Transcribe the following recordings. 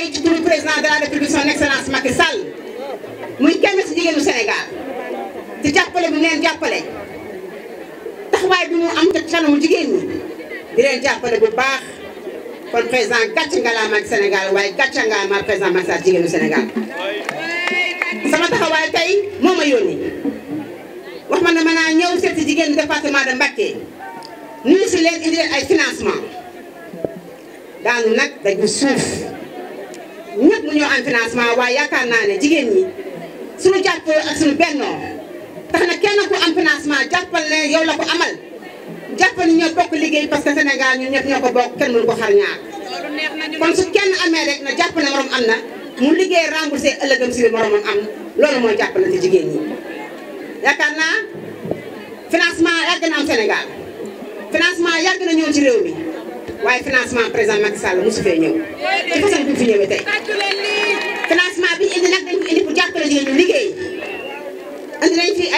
tey ci turu président de la république son excellence Macky Sall muy kenn ci jigéenu Sénégal ci jàppale bi mu leen jàppale taxawaay bi mu am ca kanamu jigéen ñi di leen jàppale bu baax kon président gàcce nga laa mag Sénégal waaye gàcce nga ma président Macky Sall jigéenu Sénégal. sama taxawaay tey moo ma yónni wax ma ne ma naa ñëw seet si jigéen département de Mbacké nuyu si leen indi leen ay financement daanu nag dañu suuf. mënuñoo am financement waaye yaakaar naa ne jigéen ñi suñu jàppoo ak suñu bennoo tax na kenn ku am financement jàppal ne yow la ko amal jàppal ni ñoo bokk liggéey parce que Sénégal ñoo ñëpp ñoo ko bokk kenn mënu ko xar ñaar kon su kenn amee rek na jàppal ne morom am na mu liggéey remboursé ëllëgam si moromam am loolu mooy jàppalante jigéen ñi yaakaar naa financement yàgg na am Sénégal financement yàgg na ñëw ci réew mi waaye financement président Macky Sall mosu mu fi ñëwee tey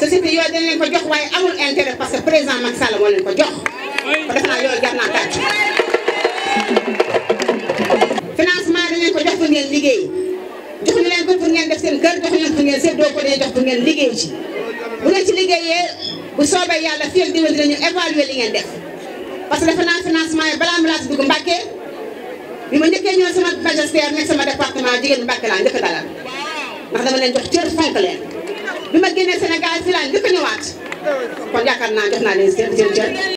société yooyu dañ leen ko jox waaye amul intérêt parce que président Macky Sall moo leen ko jox ko def naa yooyu leen ko jox pour liggéey jox ñu leen ko pour ngeen def seen kër jox ñu leen pour ngeen séddoo ko jox pour liggéey ci bu ngeen ci liggéeyee bu soobee yàlla fii ak diwén dinañu évaluer li ngeen def parce que defe naa financement yi balaa balaa si dugg Mbàkke bi ma njëkkee ñëw sama magistère nekk sama département jigéen Mbàkke laa njëkk dalal ndax dama leen jox cër bi ma génnee Sénégal si laa njëkk a ñëwaat kon yaakaar naa jox naa leen seen seen cër